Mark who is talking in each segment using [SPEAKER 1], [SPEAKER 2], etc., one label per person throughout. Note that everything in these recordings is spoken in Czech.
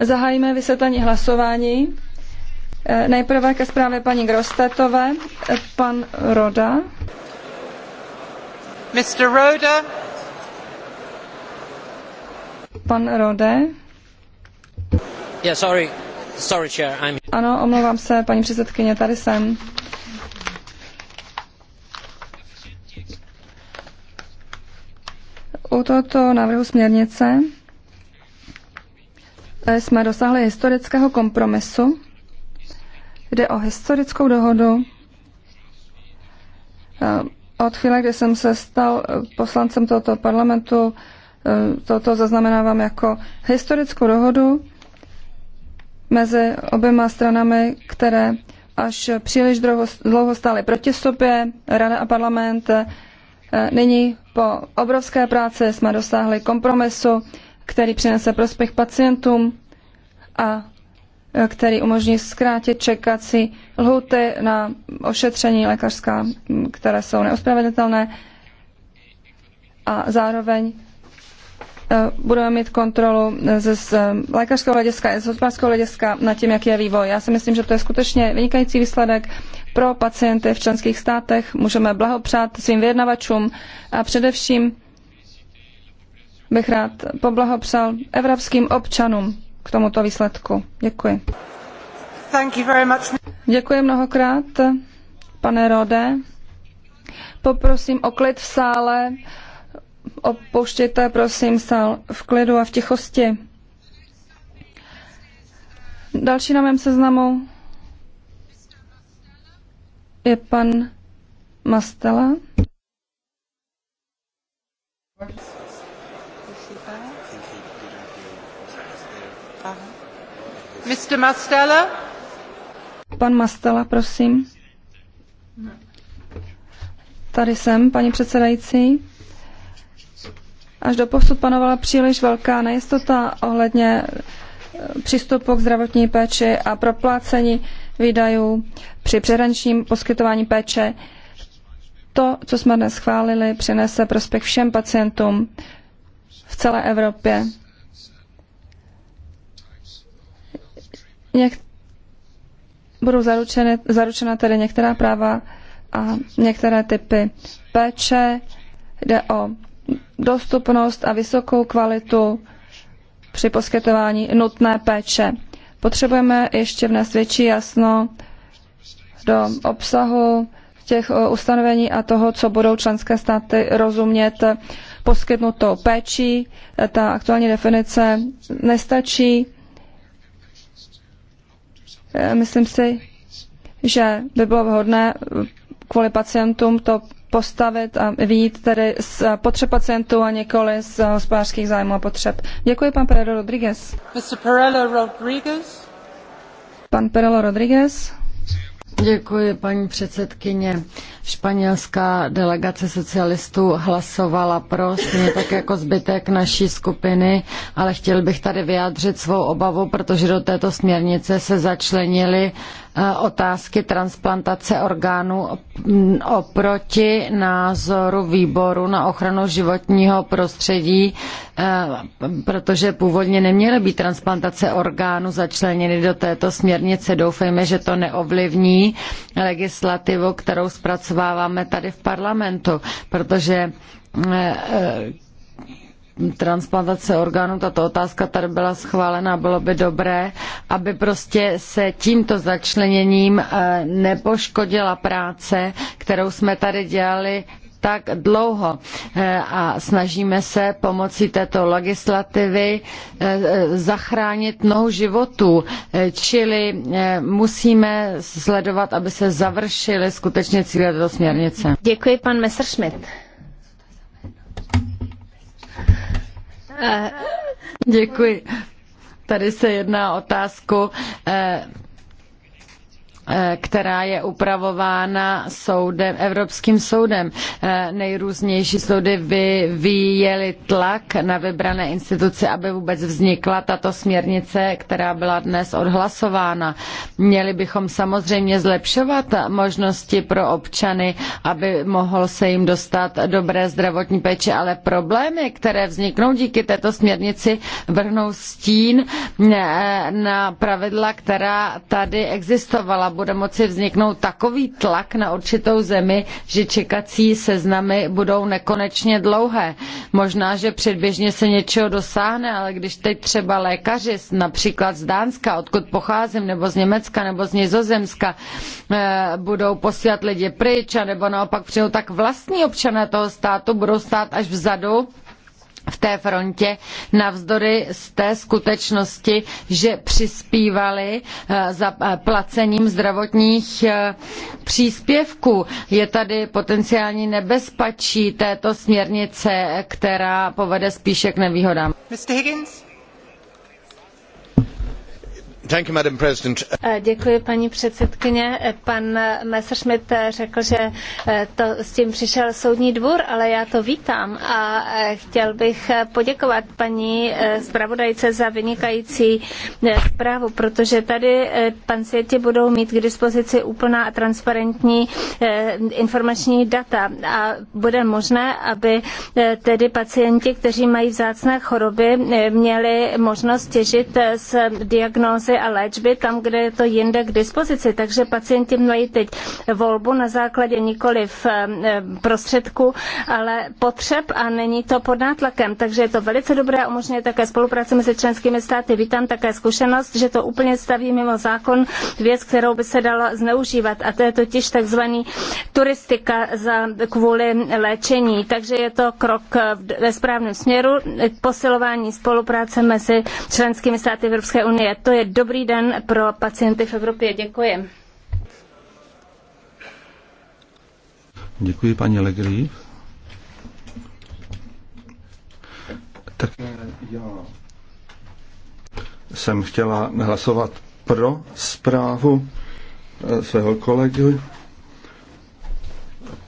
[SPEAKER 1] Zahájíme vysvětlení hlasování. Eh, nejprve ke zprávě paní Grostetové. Eh, pan Roda. Mr. Roda. Pan Rode.
[SPEAKER 2] Yeah, sorry.
[SPEAKER 3] Sorry, chair. I'm... Ano,
[SPEAKER 1] omlouvám se, paní předsedkyně, tady jsem. U tohoto návrhu směrnice eh, jsme dosáhli historického kompromisu. Jde o historickou dohodu. Eh, od chvíle, kdy jsem se stal eh, poslancem tohoto parlamentu, toto zaznamenávám jako historickou dohodu mezi oběma stranami, které až příliš dlouho stály proti sobě, Rada a parlament, Eh, nyní po obrovské práci jsme dosáhli kompromisu, který přinese prospěch pacientům a eh, který umožní zkrátit čekací lhuty na ošetření lékařská, které jsou neospravedlitelné a zároveň Eh, budeme mít kontrolu eh, ze z eh, lékařského hlediska, z hospodářského hlediska nad tím, jaký je vývoj. Já si myslím, že to je skutečně vynikající výsledek pro pacienty v členských státech. Můžeme blahopřát svým vyjednavačům a především bych rád poblahopřál evropským občanům k tomuto výsledku. Děkuji. Děkuji mnohokrát, pane Rode. Poprosím o klid v sále. Opuštěte prosím, sál v klidu a v tichosti. Další na mém seznamu je pan Mastela.
[SPEAKER 2] Mr. Mastella?
[SPEAKER 1] Pan Mastela, prosím. Tady jsem, paní předsedající. Až do posud panovala příliš velká nejistota ohledně eh, přístupu k zdravotní péči a proplácení výdajů při přerančním poskytování péče. To, co jsme dnes schválili, přinese prospěch všem pacientům v celé Evropě. Něk- budou zaručeny, zaručena tedy některá práva a některé typy péče. Jde o dostupnost a vysokou kvalitu při poskytování nutné péče. Potřebujeme ještě vnes větší jasno do obsahu těch eh, ustanovení a toho, co budou členské státy rozumět poskytnutou péčí. Eh, Ta aktuální definice nestačí. Eh, Myslím si, že by bylo vhodné kvůli pacientům to postavit a vyjít tedy z eh, potřeb pacientů a nikoli z eh, hospodářských zájmů a potřeb. Děkuji, pan Perello Rodriguez.
[SPEAKER 2] Mr. Perello Rodriguez.
[SPEAKER 4] Pan Perello Rodriguez. Děkuji, paní předsedkyně. Španělská delegace socialistů hlasovala pro, stejně tak jako zbytek naší skupiny, ale chtěl bych tady vyjádřit svou obavu, protože do této směrnice se začlenily eh, otázky transplantace orgánů mm, oproti názoru výboru na ochranu životního prostředí, Eh, protože původně neměly být transplantace orgánů začleněny do této směrnice. Doufejme, že to neovlivní legislativu, kterou zpracováváme tady v parlamentu, protože eh, eh, transplantace orgánů, tato otázka tady byla schválena, bylo by dobré, aby prostě se tímto začleněním nepoškodila práce, kterou jsme tady dělali tak dlouho eh, a snažíme se pomocí této legislativy eh, zachránit mnoho životů, eh, čili musíme sledovat, aby se završily skutečně cíle této směrnice. Děkuji, pan Messerschmidt. Děkuji. Tady se jedná o otázku Eh, která je upravována soudem, Evropským soudem. Eh, nejrůznější soudy vyvíjely tlak na vybrané instituce, aby vůbec vznikla tato směrnice, která byla dnes odhlasována. Měli bychom samozřejmě zlepšovat možnosti pro občany, aby mohl se jim dostat dobré zdravotní péče, ale problémy, které vzniknou díky této směrnici, vrhnou stín eh, na pravidla, která tady existovala bude moci vzniknout takový tlak na určitou zemi, že čekací seznamy budou nekonečně dlouhé. Možná, že předběžně se něčeho dosáhne, ale když teď třeba lékaři například z Dánska, odkud pocházím, nebo z Německa, nebo z Nizozemska, eh, budou posílat lidi pryč, nebo naopak přijou, tak vlastní občané toho státu budou stát až vzadu v té frontě navzdory z té skutečnosti, že přispívali eh, za eh, placením zdravotních eh, příspěvků. Je tady potenciální nebezpečí této směrnice, která povede spíše k nevýhodám. Mr. Higgins?
[SPEAKER 3] Eh, děkuji, paní předsedkyně. Eh, pan Messerschmidt eh, řekl, že s tím přišel soudní dvůr, ale já to vítám a chtěl bych poděkovat paní zpravodajce za vynikající zprávu, protože tady pacienti budou mít k dispozici úplná a transparentní informační data a bude možné, aby tedy pacienti, kteří mají vzácné choroby, měli možnost těžit z diagnózy a léčby tam, kde je to jinde k dispozici. Takže pacienti mají teď volbu na základě nikoliv eh, prostředku, ale potřeb a není to pod nátlakem. Takže je to velice dobré a umožňuje také spolupráci mezi členskými státy. Vítám také zkušenost, že to úplně staví mimo zákon věc, kterou by se dala zneužívat a to je totiž takzvaný turistika za, kvůli léčení. Takže je to krok eh, ve správném směru, posilování spolupráce mezi členskými státy Evropské unie. To je dobrý dobrý den pro pacienty v Evropě. Děkuji.
[SPEAKER 5] Děkuji, paní Legri. Tak já jsem chtěla hlasovat pro zprávu eh, svého kolegy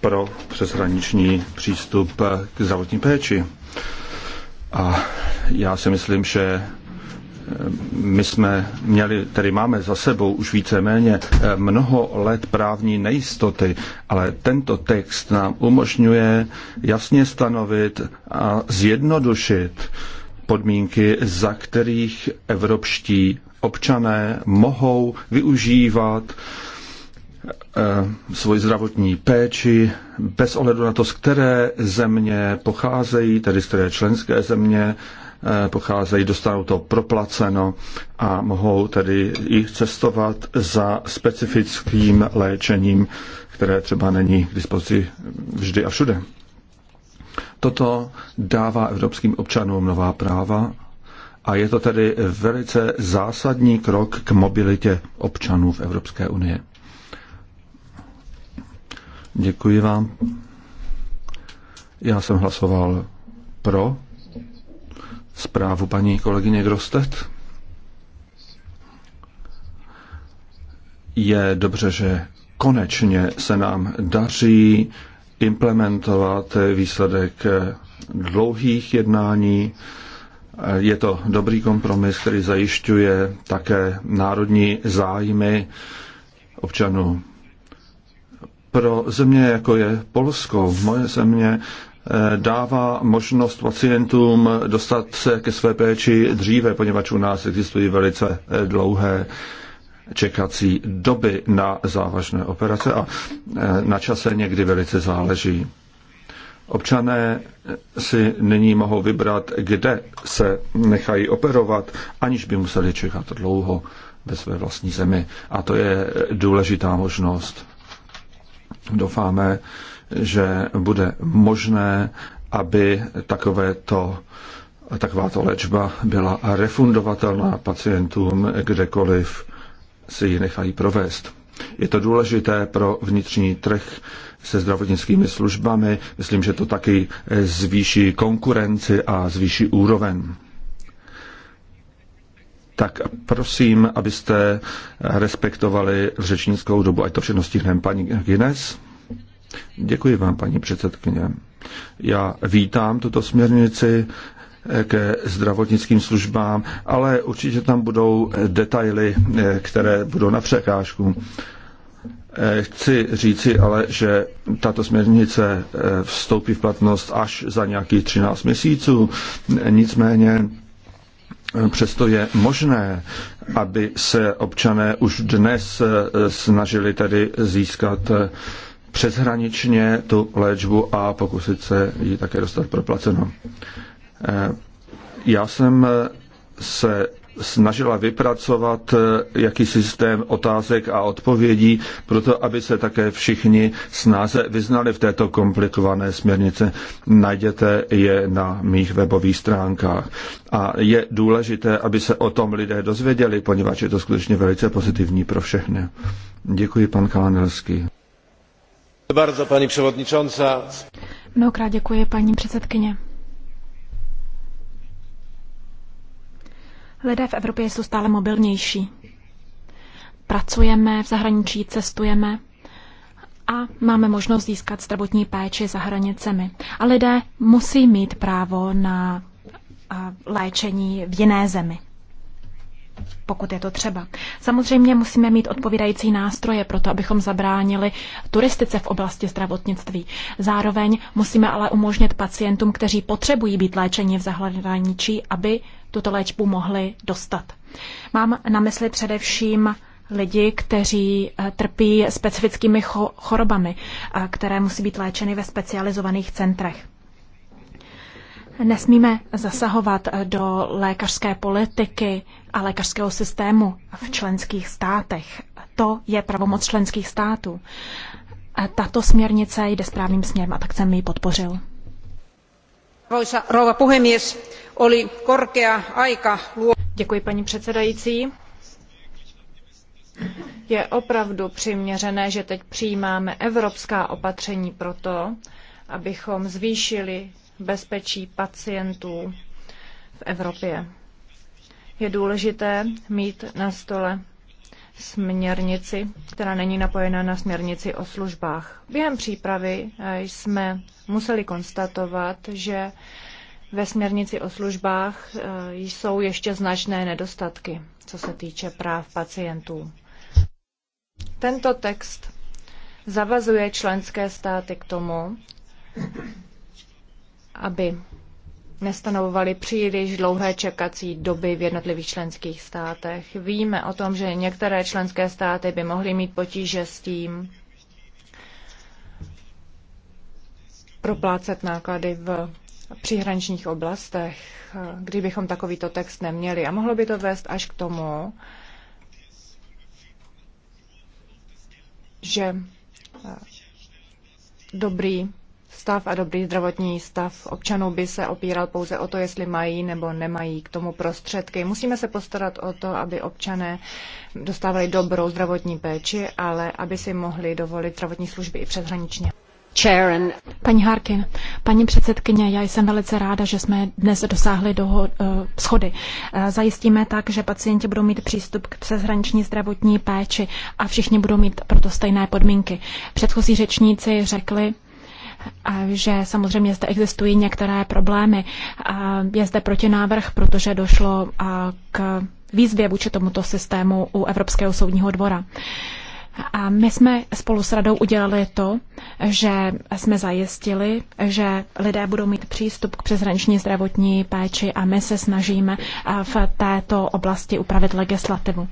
[SPEAKER 5] pro přeshraniční přístup eh, k zdravotní péči. A já si myslím, že my jsme měli, tedy máme za sebou už víceméně eh, mnoho let právní nejistoty, ale tento text nám umožňuje jasně stanovit a zjednodušit podmínky, za kterých evropští občané mohou využívat eh, svoji zdravotní péči bez ohledu na to, z které země pocházejí, tedy z které členské země Eh, pocházejí, dostanou to proplaceno a mohou tedy i cestovat za specifickým léčením, které třeba není k dispozici vždy a všude. Toto dává evropským občanům nová práva a je to tedy velice zásadní krok k mobilitě občanů v Evropské unii. Děkuji vám. Já jsem hlasoval pro zprávu paní kolegyně Grostet. Je dobře, že konečně se nám daří implementovat výsledek dlouhých jednání. Je to dobrý kompromis, který zajišťuje také národní zájmy občanů. Pro země, jako je Polsko, moje země, Eh, dává možnost pacientům dostat se ke své péči dříve, poněvadž u nás existují velice eh, dlouhé čekací doby na závažné operace a eh, na čase někdy velice záleží. Občané si nyní mohou vybrat, kde se nechají operovat, aniž by museli čekat dlouho ve své vlastní zemi. A to je důležitá možnost. Doufáme, že bude možné, aby takovéto takováto léčba byla refundovatelná pacientům kdekoliv si ji nechají provést. Je to důležité pro vnitřní trh se zdravotnickými službami. Myslím, že to taky zvýší konkurenci a zvýší úroveň. Tak prosím, abyste respektovali řečnickou dobu, ať to všechno stihneme. Paní Guinness. Děkuji vám, paní předsedkyně. Já vítám tuto směrnici ke zdravotnickým službám, ale určitě tam budou detaily, které budou na překážku. Chci říci ale, že tato směrnice vstoupí v platnost až za nějakých 13 měsíců. Nicméně Přesto je možné, aby se občané už dnes snažili tedy získat přeshraničně tu léčbu a pokusit se ji také dostat proplaceno. Eh, já jsem eh, se snažila vypracovat eh, jaký systém otázek a odpovědí, proto aby se také všichni snáze vyznali v této komplikované směrnice. Najděte je na mých webových stránkách. A je důležité, aby se o tom lidé dozvěděli, poněvadž je to skutečně velice pozitivní pro všechny. Děkuji, pan Kalanelský.
[SPEAKER 2] Bardzo, paní předsedající.
[SPEAKER 6] Mnohokrát děkuji, paní předsedkyně. Lidé v Evropě jsou stále mobilnější. Pracujeme v zahraničí, cestujeme a máme možnost získat zdravotní péči za hranicemi. A lidé musí mít právo na léčení v jiné zemi pokud je to třeba. Samozřejmě musíme mít odpovídající nástroje pro to, abychom zabránili turistice v oblasti zdravotnictví. Zároveň musíme ale umožnit pacientům, kteří potřebují být léčeni v zahraničí, aby tuto léčbu mohli dostat. Mám na mysli především lidi, kteří eh, trpí specifickými chorobami, eh, které musí být léčeny ve specializovaných centrech. Nesmíme zasahovat do lékařské politiky a lékařského systému v členských státech. To je pravomoc členských států. Tato směrnice jde správným směrem a tak jsem ji podpořil.
[SPEAKER 2] Arvoisa rouva puhemies, oli korkea aika luo... Děkuji paní předsedající. Je opravdu přiměřené, že teď přijímáme evropská opatření pro to, abychom zvýšili bezpečí pacientů v Evropě. Je důležité mít na stole směrnici, která není napojena na směrnici o službách. Během přípravy eh, jsme museli konstatovat, že ve směrnici o službách eh, jsou ještě značné nedostatky, co se týče práv pacientů. Tento text zavazuje členské státy k tomu, aby nestanovovali příliš dlouhé čekací doby v jednotlivých členských státech. Víme o tom, že některé členské státy by mohly mít potíže s tím proplácet náklady v přihraničních oblastech, kdybychom takovýto text neměli. A mohlo by to vést až k tomu, že dobrý stav a dobrý zdravotní stav občanů by se opíral pouze o to, jestli mají nebo nemají k tomu prostředky. Musíme se postarat o to, aby občané dostávali dobrou zdravotní péči, ale aby si mohli dovolit zdravotní služby i přeshraničně.
[SPEAKER 6] Paní Harkin, paní předsedkyně, já jsem velice ráda, že jsme dnes dosáhli doho, uh, schody. Uh, zajistíme tak, že pacienti budou mít přístup k přeshraniční zdravotní péči a všichni budou mít proto stejné podmínky. Předchozí řečníci řekli, že samozřejmě zde existují některé problémy. Je zde protinávrh, protože došlo k výzvě vůči tomuto systému u Evropského soudního dvora. A my jsme spolu s radou udělali to, že jsme zajistili, že lidé budou mít přístup k přeshraniční zdravotní péči a my se snažíme v této oblasti upravit legislativu.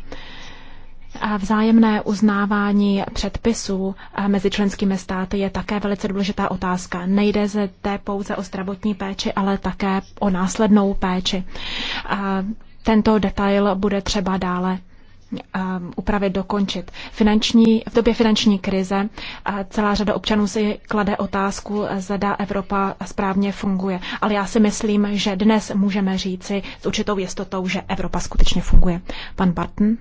[SPEAKER 6] Vzájemné uznávání předpisů mezi členskými státy je také velice důležitá otázka. Nejde té pouze o zdravotní péči, ale také o následnou péči. Tento detail bude třeba dále upravit, dokončit. Finanční, v době finanční krize celá řada občanů si klade otázku, zda Evropa správně funguje. Ale já si myslím, že dnes můžeme říci s určitou jistotou, že Evropa skutečně funguje. Pan Barton.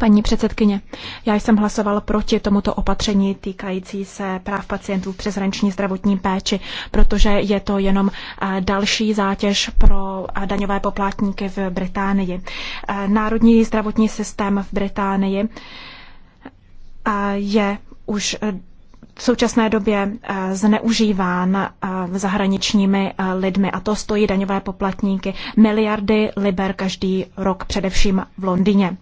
[SPEAKER 6] Paní předsedkyně, já jsem hlasoval proti tomuto opatření týkající se práv pacientů v přeshraniční zdravotní péči, protože je to jenom eh, další zátěž pro eh, daňové poplatníky v Británii. Eh, národní zdravotní systém v Británii je už v současné době eh, zneužíván eh, zahraničními eh, lidmi a to stojí daňové poplatníky miliardy liber každý rok, především v Londýně.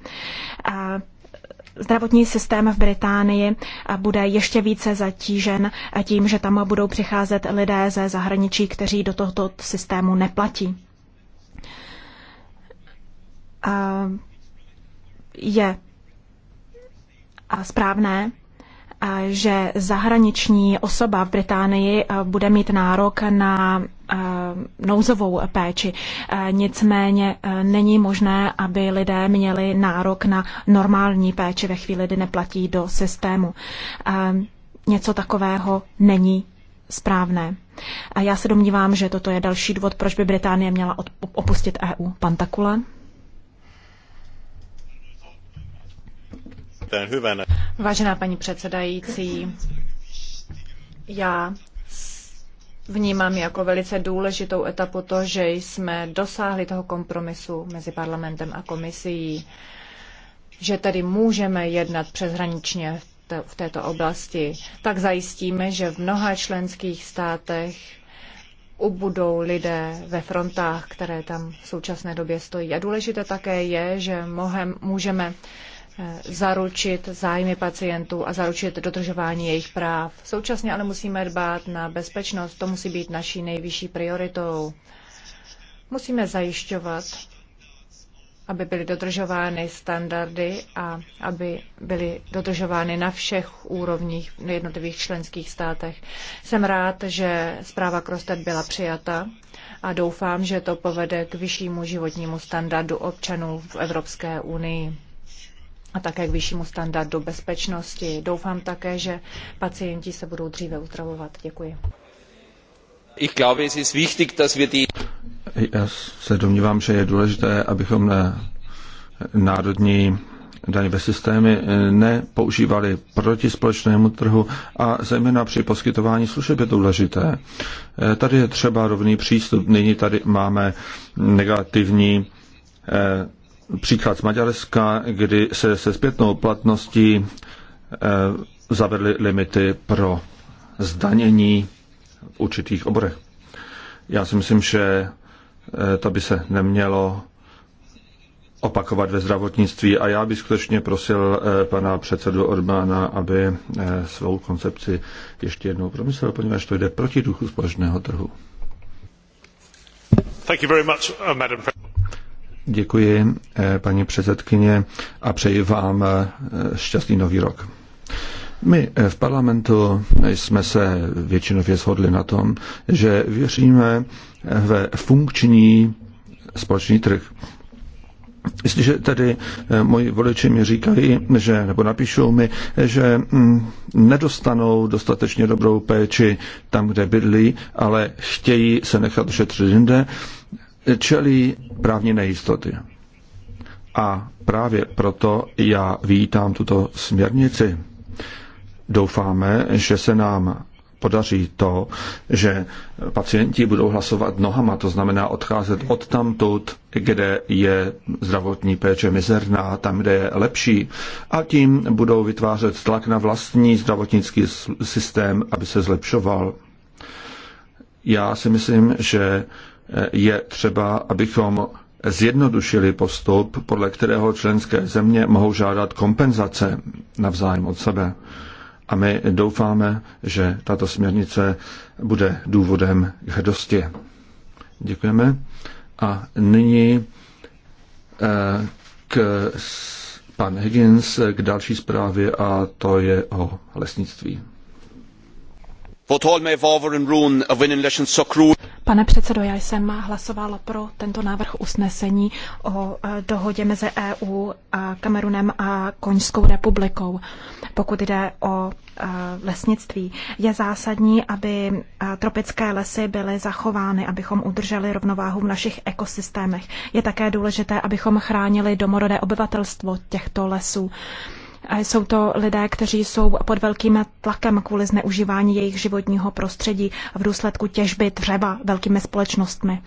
[SPEAKER 6] Zdravotní systém v Británii bude ještě více zatížen tím, že tam budou přicházet lidé ze zahraničí, kteří do tohoto systému neplatí. Je správné, že zahraniční osoba v Británii eh, bude mít nárok na eh, nouzovou péči. Eh, nicméně není možné, aby lidé měli nárok na normální péči ve chvíli, kdy neplatí do systému. Něco takového není správné. A já se domnívám, že toto je další důvod, proč by Británie měla opustit EU. Pan Takula?
[SPEAKER 2] Vážená paní předsedající, já vnímám jako velice důležitou etapu to, že jsme dosáhli toho kompromisu mezi parlamentem a komisí, že tedy můžeme jednat přeshraničně v této oblasti, tak zajistíme, že v mnoha členských státech ubudou lidé ve frontách, které tam v současné době stojí. A důležité také je, že mohem, můžeme Eh, zaručit zájmy pacientů a zaručit dodržování jejich práv. Současně ale musíme dbát na bezpečnost, to musí být naší nejvyšší prioritou. Musíme zajišťovat, aby byly dodržovány standardy a aby byly dodržovány na všech úrovních v jednotlivých členských státech. Jsem rád, že zpráva Krostet byla přijata a doufám, že to povede k vyššímu životnímu standardu občanů v Evropské unii a také k vyššímu standardu bezpečnosti. Doufám také, že pacienti se budou dříve uzdravovat. Děkuji.
[SPEAKER 5] Ich glaube, es ist wichtig, dass wir die... Já se domnívám, že je důležité, abychom na národní daňové systémy eh, nepoužívali proti společnému trhu a zejména při poskytování služeb je to důležité. Eh, tady je třeba rovný přístup. Nyní tady máme negativní eh, příklad z Maďarska, kdy se se zpětnou platností eh, zavedly limity pro zdanění v určitých oborech. Já si myslím, že eh, to by se nemělo opakovat ve zdravotnictví a já bych skutečně prosil eh, pana předsedu Orbána, aby svou koncepci ještě jednou promyslel, poněvadž to jde proti duchu společného trhu.
[SPEAKER 1] Thank you very much, uh, Madam
[SPEAKER 5] Děkuji, eh, paní předsedkyně, a přeji vám eh, šťastný nový rok. My eh, v parlamentu jsme se většinově shodli na tom, že věříme ve funkční společný trh. Jestliže tedy moji voliči mi říkají, že, nebo napíšou mi, že hm, nedostanou dostatečně dobrou péči tam, kde bydlí, ale chtějí se nechat šetřit jinde, čelí právní nejistoty. A právě proto já vítám tuto směrnici. Doufáme, že se nám podaří to, že pacienti budou hlasovat nohama, to znamená odcházet od tamtud, kde je zdravotní péče mizerná, tam, kde je lepší. A tím budou vytvářet tlak na vlastní zdravotnický systém, aby se zlepšoval. Já si myslím, že je třeba, abychom zjednodušili postup, podle kterého členské země mohou žádat kompenzace navzájem od sebe. A my doufáme, že tato směrnice bude důvodem k hrdosti. Děkujeme. A nyní eh, k pan Higgins k další zprávě a to je o lesnictví.
[SPEAKER 6] Pane předsedo, já jsem hlasoval pro tento návrh usnesení o e, dohodě mezi EU, a Kamerunem a Koňskou republikou. Pokud jde o e, lesnictví, je zásadní, aby e, tropické lesy byly zachovány, abychom udrželi rovnováhu v našich ekosystémech. Je také důležité, abychom chránili domorodé obyvatelstvo těchto lesů jsou to lidé, kteří jsou pod velkým tlakem kvůli zneužívání jejich životního prostředí v důsledku těžby dřeva velkými společnostmi.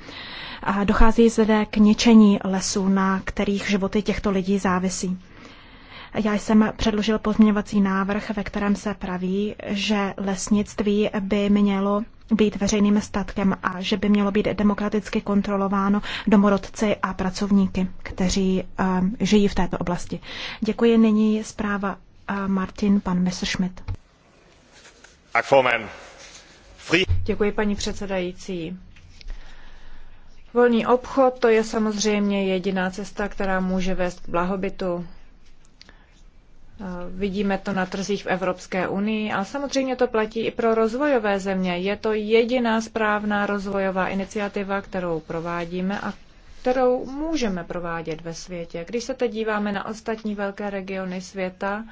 [SPEAKER 6] A dochází zde k ničení lesů, na kterých životy těchto lidí závisí. Já jsem předložil pozměňovací návrh, ve kterém se praví, že lesnictví by mělo být veřejným statkem a že by mělo být demokraticky kontrolováno domorodci a pracovníky, kteří um, žijí v této oblasti. Děkuji. Nyní zpráva uh, Martin, pan Messerschmidt.
[SPEAKER 2] Děkuji, paní předsedající. Volný obchod to je samozřejmě jediná cesta, která může vést k blahobytu. Vidíme to na trzích v Evropské unii, ale samozřejmě to platí i pro rozvojové země. Je to jediná správná rozvojová iniciativa, kterou provádíme a kterou můžeme provádět ve světě. Když se teď díváme na ostatní velké regiony světa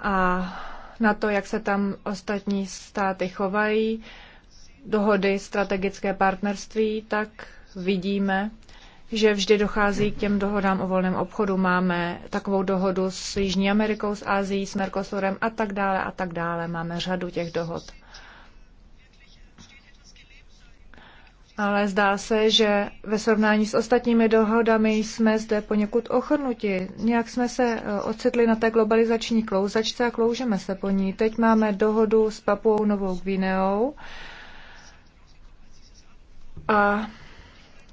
[SPEAKER 2] a na to, jak se tam ostatní státy chovají, dohody, strategické partnerství, tak vidíme, že vždy dochází k těm dohodám o volném obchodu. Máme takovou dohodu s Jižní Amerikou, s Ázií, s Mercosurem a tak dále a tak dále. Máme řadu těch dohod. Ale zdá se, že ve srovnání s ostatními dohodami jsme zde poněkud ochrnuti. Nějak jsme se e, ocitli na té globalizační klouzačce a kloužeme se po ní. Teď máme dohodu s Papuou Novou Gvineou a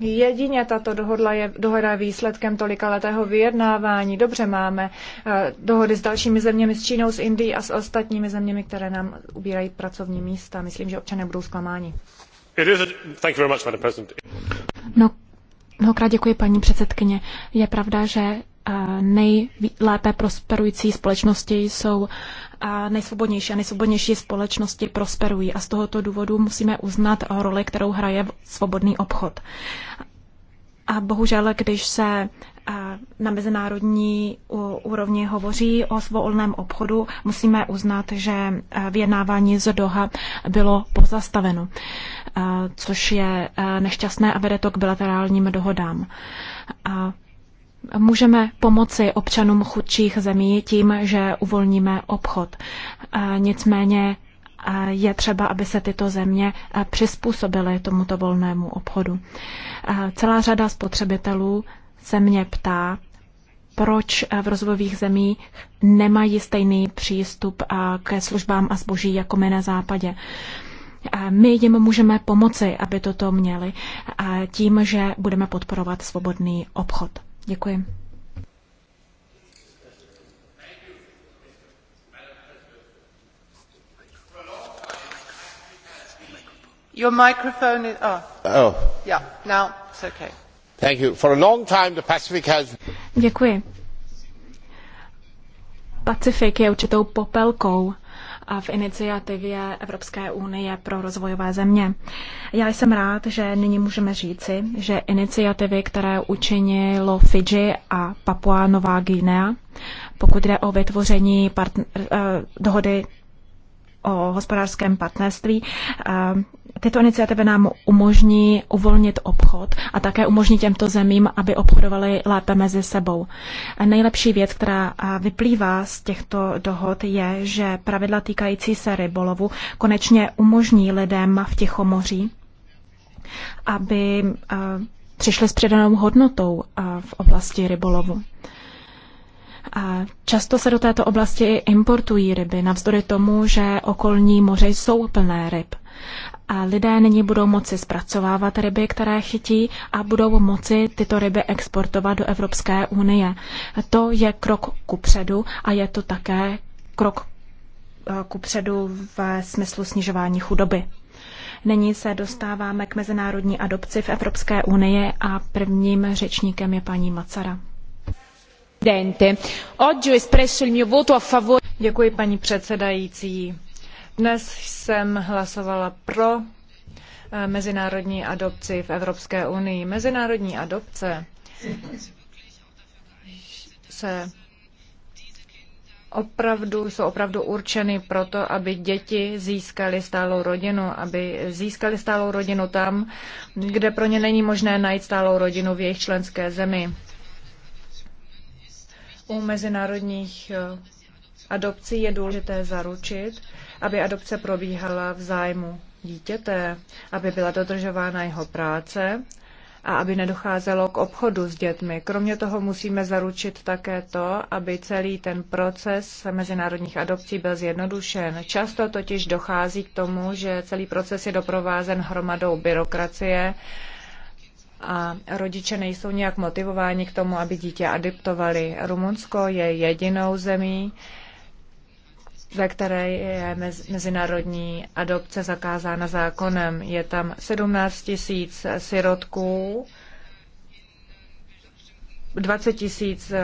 [SPEAKER 2] Jedině tato dohodla je, dohoda je výsledkem letého vyjednávání. Dobře máme eh, dohody s dalšími zeměmi, s Čínou, s Indií a s ostatními zeměmi, které nám ubírají pracovní místa. Myslím, že občané budou zklamáni.
[SPEAKER 6] No, mnohokrát děkuji, paní předsedkyně. Je pravda, že eh, nejlépe prosperující společnosti jsou nejsvobodnější a nejsvobodnější společnosti prosperují a z tohoto důvodu musíme uznat roli, kterou hraje svobodný obchod. A bohužel, když se na mezinárodní úrovni hovoří o svobodném obchodu, musíme uznat, že vyjednávání z Doha bylo pozastaveno, což je nešťastné a vede to k bilaterálním dohodám. A Můžeme pomoci občanům chudších zemí tím, že uvolníme obchod. Nicméně je třeba, aby se tyto země přizpůsobily tomuto volnému obchodu. Celá řada spotřebitelů se mě ptá, proč v rozvojových zemích nemají stejný přístup ke službám a zboží jako my na západě. My jim můžeme pomoci, aby toto měli, tím, že budeme podporovat svobodný obchod. Děkuji.
[SPEAKER 2] Your microphone is, oh. Oh. Yeah, now
[SPEAKER 1] it's okay. Thank you. For a long time the Pacific has... Děkuji.
[SPEAKER 6] Pacifik je určitou popelkou a v iniciativě Evropské unie pro rozvojové země. Já jsem rád, že nyní můžeme říci, že iniciativy, které učinilo Fidži a Papua Nová Guinea, pokud jde o vytvoření partner, eh, dohody o hospodářském partnerství, eh, Tyto iniciativy nám umožní uvolnit obchod a také umožní těmto zemím, aby obchodovali lépe mezi sebou. Nejlepší věc, která vyplývá z těchto dohod, je, že pravidla týkající se rybolovu konečně umožní lidem v Tichomoří, aby přišli s přidanou hodnotou v oblasti rybolovu a Často se do této oblasti importují ryby, navzdory tomu, že okolní moře jsou plné ryb. A lidé nyní budou moci zpracovávat ryby, které chytí a budou moci tyto ryby exportovat do Evropské unie. To je krok ku předu a je to také krok eh, ku předu ve smyslu snižování chudoby. Nyní se dostáváme k mezinárodní adopci v Evropské unii a prvním řečníkem je paní Macara
[SPEAKER 2] paní předsedající. Dnes jsem hlasovala pro eh, mezinárodní adopci v Evropské unii. Mezinárodní adopce jsou opravdu určeny proto, aby děti získaly stálou rodinu, aby získaly stálou rodinu tam, kde pro ně není možné najít stálou rodinu v jejich členské zemi. U mezinárodních eh, adopcí je důležité zaručit, aby adopce probíhala v zájmu dítěte, aby byla dodržována jeho práce a aby nedocházelo k obchodu s dětmi. Kromě toho musíme zaručit také to, aby celý ten proces mezinárodních adopcí byl zjednodušen. Často totiž dochází k tomu, že celý proces je doprovázen hromadou byrokracie a rodiče nejsou nějak motivováni k tomu, aby dítě adoptovali. Rumunsko je jedinou zemí, ve které je mezinárodní adopce zakázána zákonem. Je tam 17 tisíc sirotků, 20 tisíc eh,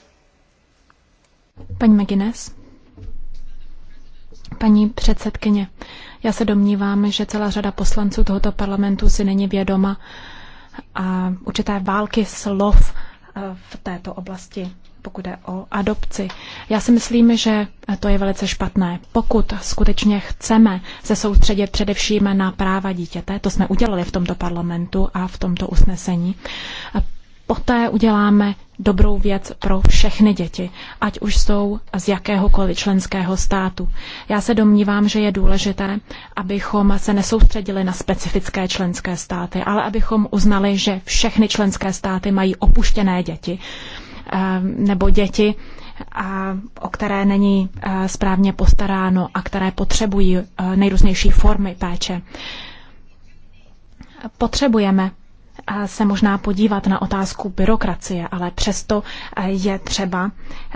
[SPEAKER 6] Paní McGuinness. Paní předsedkyně, já se domnívám, že celá řada poslanců tohoto parlamentu si není vědoma a určité války slov eh, v této oblasti, pokud je o adopci. Já si myslím, že to je velice špatné. Pokud skutečně chceme se soustředit především na práva dítěte, to jsme udělali v tomto parlamentu a v tomto usnesení, poté uděláme dobrou věc pro všechny děti, ať už jsou z jakéhokoliv členského státu. Já se domnívám, že je důležité, abychom se nesoustředili na specifické členské státy, ale abychom uznali, že všechny členské státy mají opuštěné děti eh, nebo děti, o které není eh, správně postaráno a které potřebují eh, nejrůznější formy péče. Potřebujeme se možná podívat na otázku byrokracie, ale přesto eh, je třeba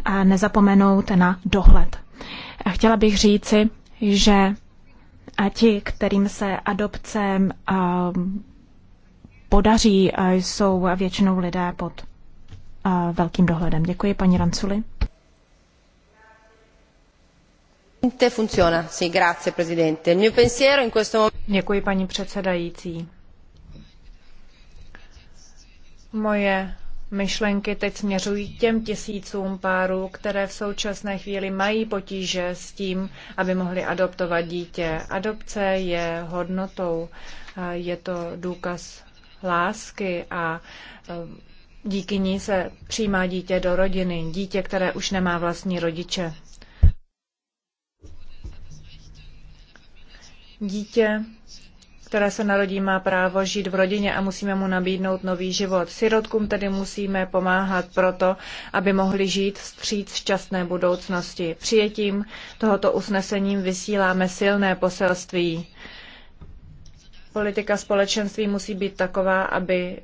[SPEAKER 6] eh, nezapomenout na dohled. Eh, chtěla bych říci, že ti, kterým se adopce podaří, jsou většinou lidé pod velkým dohledem. Děkuji, paní
[SPEAKER 2] Ranculi. Děkuji, paní předsedající Moje myšlenky teď směřují k těm tisícům párů, které v současné chvíli mají potíže s tím, aby mohli adoptovat dítě. Adopce je hodnotou, je to důkaz lásky a e, díky ní se přijímá dítě do rodiny, dítě, které už nemá vlastní rodiče. Dítě které se narodí, má právo žít v rodině a musíme mu nabídnout nový život. Sirotkům tedy musíme pomáhat proto, aby mohli žít vstříc šťastné budoucnosti. Přijetím tohoto usnesením vysíláme silné poselství. Politika společenství musí být taková, aby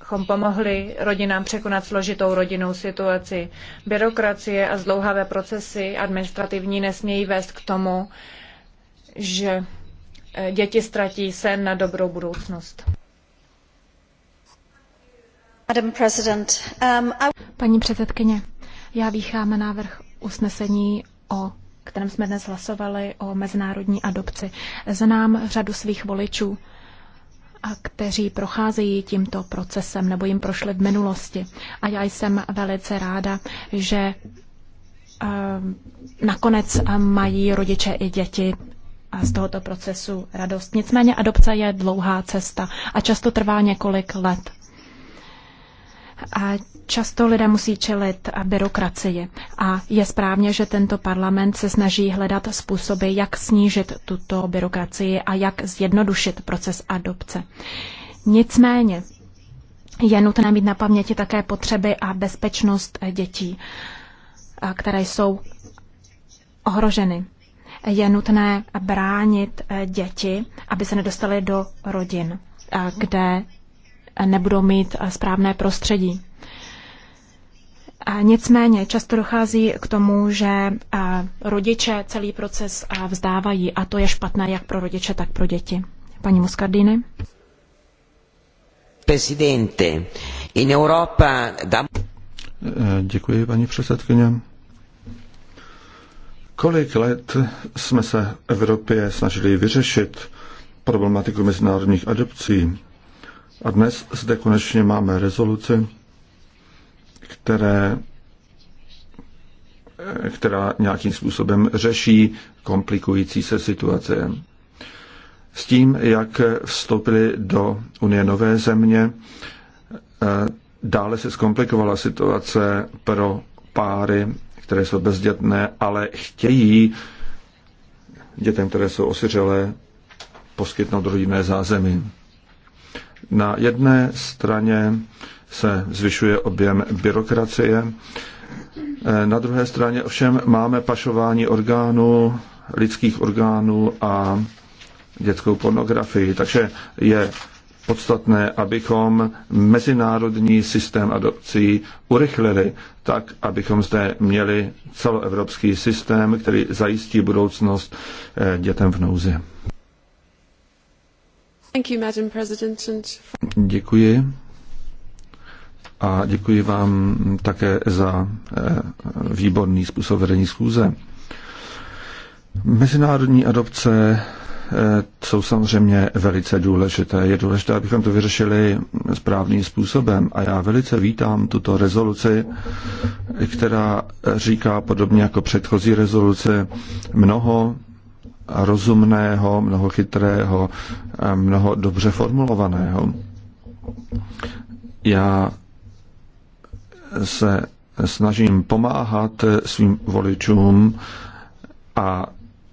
[SPEAKER 2] abychom pomohli rodinám překonat složitou rodinnou situaci. Byrokracie a zdlouhavé procesy administrativní nesmějí vést k tomu, že Eh, děti ztratí sen na dobrou budoucnost.
[SPEAKER 3] Um, Paní předsedkyně,
[SPEAKER 6] já výchám návrh usnesení o kterém jsme dnes hlasovali o mezinárodní adopci. Znám řadu svých voličů, a kteří procházejí tímto procesem nebo jim prošli v minulosti. A já jsem velice ráda, že eh, nakonec eh, mají rodiče i děti a z tohoto procesu radost. Nicméně adopce je dlouhá cesta a často trvá několik let. A často lidé musí čelit byrokracii a je správně, že tento parlament se snaží hledat způsoby, jak snížit tuto byrokracii a jak zjednodušit proces adopce. Nicméně je nutné mít na paměti také potřeby a bezpečnost dětí, které jsou ohroženy je nutné bránit eh, děti, aby se nedostaly do rodin, eh, kde nebudou mít eh, správné prostředí. nicméně často dochází k tomu, že rodiče celý proces vzdávají a to je špatné jak pro rodiče, tak pro děti. Paní Muscardini? Presidente, in Europa...
[SPEAKER 5] Děkuji, paní předsedkyně. Kolik let jsme se v Evropě snažili vyřešit problematiku mezinárodních adopcí a dnes zde konečně máme rezoluci, které, která nějakým způsobem řeší komplikující se situace. S tím, jak vstoupili do Unie nové země, eh, dále se zkomplikovala situace pro páry které jsou bezdětné, ale chtějí dětem, které jsou osiřelé, poskytnout rodinné zázemí. Na jedné straně se zvyšuje objem byrokracie, na druhé straně ovšem máme pašování orgánů, lidských orgánů a dětskou pornografii. Takže je podstatné, abychom mezinárodní systém adopcí urychlili tak, abychom zde měli celoevropský systém, který zajistí budoucnost eh, dětem v nouzi. Děkuji. A děkuji vám také za eh, výborný způsob vedení schůze. Mezinárodní adopce Eh, jsou samozřejmě velice důležité. Je důležité, abychom to vyřešili správným způsobem. A já velice vítám tuto rezoluci, která říká podobně jako předchozí rezoluce mnoho rozumného, mnoho chytrého, eh, mnoho dobře formulovaného. Já se snažím pomáhat svým voličům a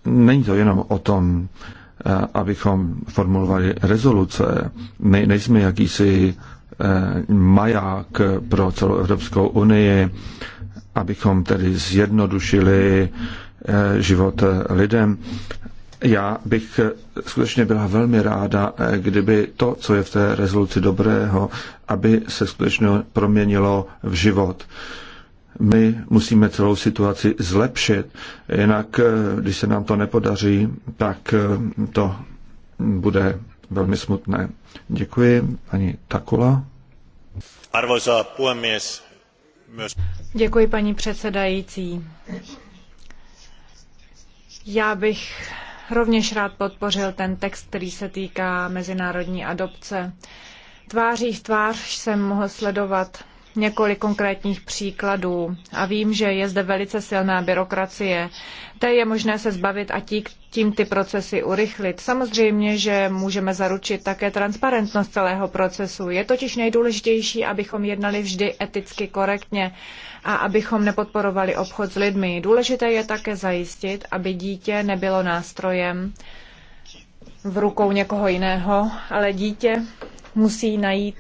[SPEAKER 5] není to jenom o tom, Eh, abychom formulovali rezoluce. My nejsme jakýsi eh, maják pro celou Evropskou unii, abychom tedy zjednodušili eh, život lidem. Já bych skutečně byla velmi ráda, kdyby to, co je v té rezoluci dobrého, aby se skutečně proměnilo v život my musíme celou situaci zlepšit, jinak eh, když se nám to nepodaří, tak eh, to bude velmi smutné. Děkuji, paní Takula.
[SPEAKER 1] Arvoisa puhemies. Myös... Děkuji,
[SPEAKER 2] paní předsedající. Já bych rovněž rád podpořil ten text, který se týká mezinárodní adopce. Tváří v tvář jsem mohl sledovat několik konkrétních příkladů a vím, že je zde velice silná byrokracie. Té je možné se zbavit a tí, tím ty procesy urychlit. Samozřejmě, že můžeme zaručit také transparentnost celého procesu. Je totiž nejdůležitější, abychom jednali vždy eticky korektně a abychom nepodporovali obchod s lidmi. Důležité je také zajistit, aby dítě nebylo nástrojem v rukou někoho jiného, ale dítě musí najít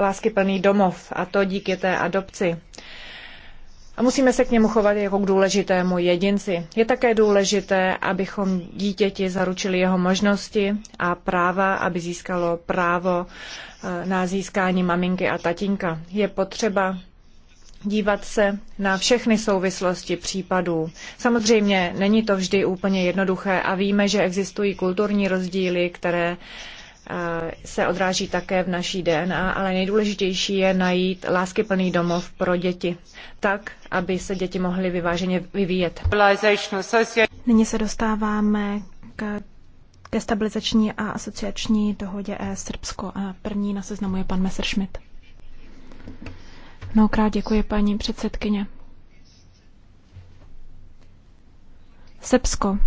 [SPEAKER 2] láskyplný domov a to díky té adopci. A musíme se k němu chovat jako k důležitému jedinci. Je také důležité, abychom dítěti zaručili jeho možnosti a práva, aby získalo právo eh, na získání maminky a tatínka. Je potřeba dívat se na všechny souvislosti případů. Samozřejmě není to vždy úplně jednoduché a víme, že existují kulturní rozdíly, které se odráží také v naší DNA, ale nejdůležitější je najít láskyplný domov pro děti, tak, aby se děti mohly vyváženě vyvíjet. Nyní se
[SPEAKER 6] dostáváme k, ke stabilizační a asociační dohodě e Srbsko. A první na seznamu je pan Messerschmidt. Mnohokrát děkuji, paní předsedkyně. Srbsko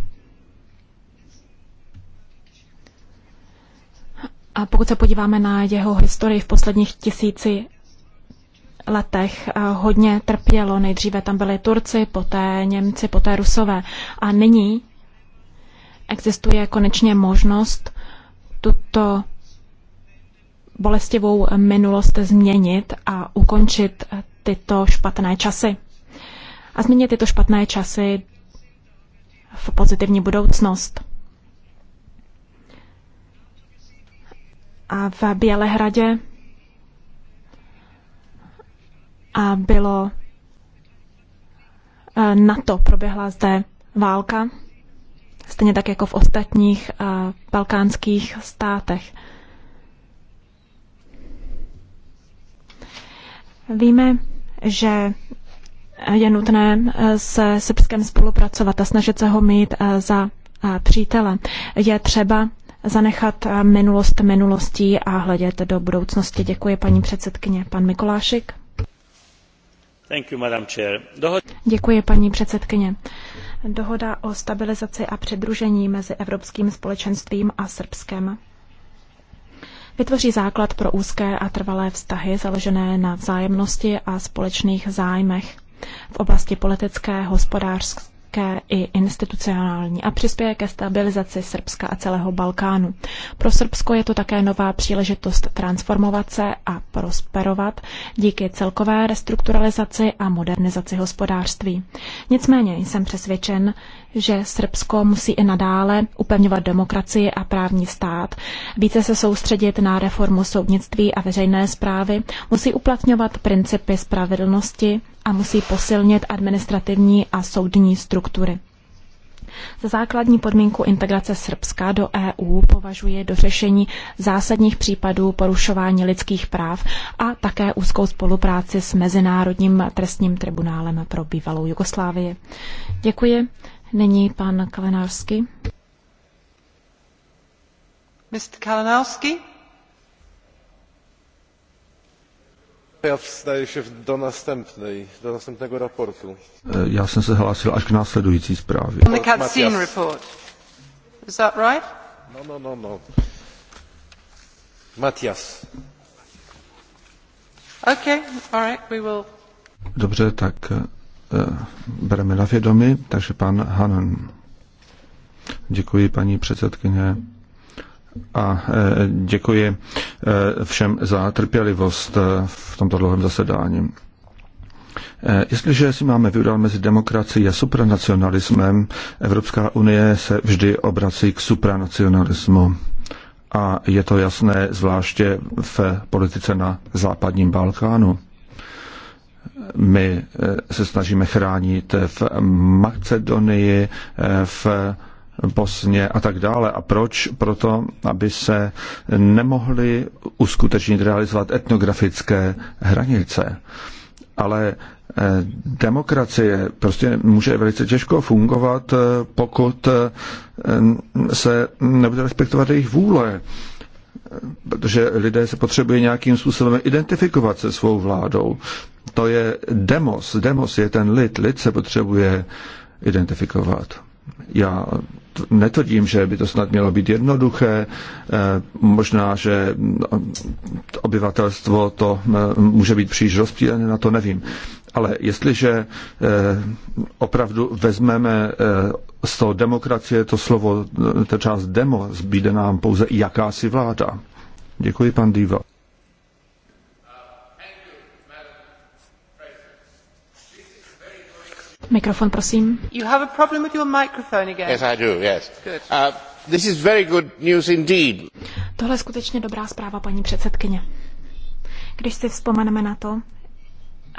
[SPEAKER 6] A pokud se podíváme na jeho historii v posledních tisíci letech eh, hodně trpělo. Nejdříve tam byli Turci, poté Němci, poté Rusové. A nyní existuje konečně možnost tuto bolestivou minulost změnit a ukončit tyto špatné časy. A změnit tyto špatné časy v pozitivní budoucnost. a v Bělehradě a bylo e, na to proběhla zde válka, stejně tak jako v ostatních e, balkánských státech. Víme, že je nutné e, se Srbskem spolupracovat a snažit se ho mít za přítele. Je třeba zanechat eh, minulost minulostí a hledět do budoucnosti. Děkuji paní předsedkyně. Pan Mikolášik.
[SPEAKER 1] Thank you, Madam Chair.
[SPEAKER 6] Děkuji paní předsedkyně. Dohoda o stabilizaci a předružení mezi Evropským společenstvím a Srbskem vytvoří základ pro úzké a trvalé vztahy založené na vzájemnosti a společných zájmech v oblasti politické, hospodářské politické i institucionální a přispěje ke stabilizaci Srbska a celého Balkánu. Pro Srbsko je to také nová příležitost transformovat se a prosperovat díky celkové restrukturalizaci a modernizaci hospodářství. Nicméně jsem přesvědčen, že Srbsko musí i nadále upevňovat demokracii a právní stát, více se soustředit na reformu soudnictví a veřejné zprávy, musí uplatňovat principy spravedlnosti a musí posilnit administrativní a soudní struktury. Za základní podmínku integrace Srbska do EU považuje dořešení zásadních případů porušování lidských práv a také úzkou spolupráci s Mezinárodním trestním tribunálem pro bývalou Jugoslávii. Děkuji. Nyní pan Kalenářský.
[SPEAKER 2] Mr. Kalinowski? Wstaje się do następnej, do następného raportu.
[SPEAKER 5] E, já jsem se hlásil až k následující zprávě. The
[SPEAKER 2] cutscene report. Is that right? No, no, no, no. Matias.
[SPEAKER 1] Okay, all right, we will...
[SPEAKER 5] Dobře, tak e, Eh, bereme na vědomí, takže pan Hanan. Děkuji, paní předsedkyně. A eh, děkuji eh, všem za trpělivost v tomto dlouhém zasedání. Jestliže si máme vybrat mezi demokracií a supranacionalismem, Evropská unie se vždy obrací k supranacionalismu. A je to jasné zvláště v politice na západním Balkánu my eh, se snažíme chránit v Makedonii, eh, v Bosně a tak dále. A proč? Proto, aby se nemohly uskutečnit, realizovat etnografické hranice. Ale eh, demokracie prostě může velice těžko fungovat, pokud se nebude respektovat jejich vůle protože lidé se potřebují nějakým způsobem identifikovat se svou vládou. To je demos, demos je ten lid, lid se potřebuje identifikovat. Já netvrdím, že by to snad mělo být jednoduché, eh, možná, že eh, obyvatelstvo to eh, může být příliš rozptýlené, na to nevím. Ale jestliže eh, opravdu vezmeme eh, z toho demokracie to slovo, eh, ta část demo, zbýde nám pouze jakási vláda. Děkuji, pan Diva.
[SPEAKER 6] Mikrofon, prosím.
[SPEAKER 2] You have a problem with your microphone again.
[SPEAKER 1] Yes, I do, yes. Good. Uh, this is very good news indeed.
[SPEAKER 6] Tohle je skutečně dobrá zpráva, paní předsedkyně. Když si vzpomeneme na to,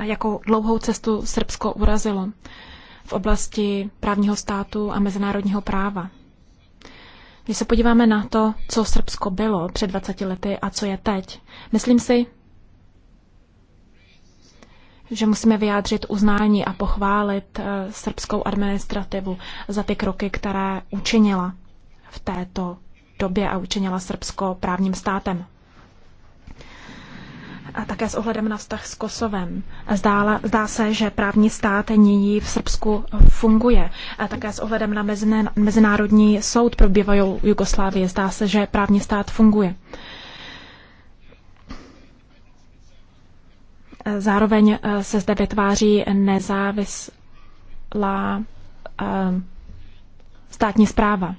[SPEAKER 6] jakou dlouhou cestu Srbsko urazilo v oblasti právního státu a mezinárodního práva. Když se podíváme na to, co Srbsko bylo před 20 lety a co je teď, myslím si, že musíme vyjádřit uznání a pochválit eh, srbskou administrativu za ty kroky, které učinila v této době a učinila Srbsko právním státem a také s ohledem na vztah s Kosovem. Zdála, zdá se, že právní stát nyní v Srbsku funguje. A také s ohledem na mezine, Mezinárodní soud pro bývalou Jugoslávii. Zdá se, že právní stát funguje. Zároveň eh, se zde vytváří nezávislá eh, státní zpráva.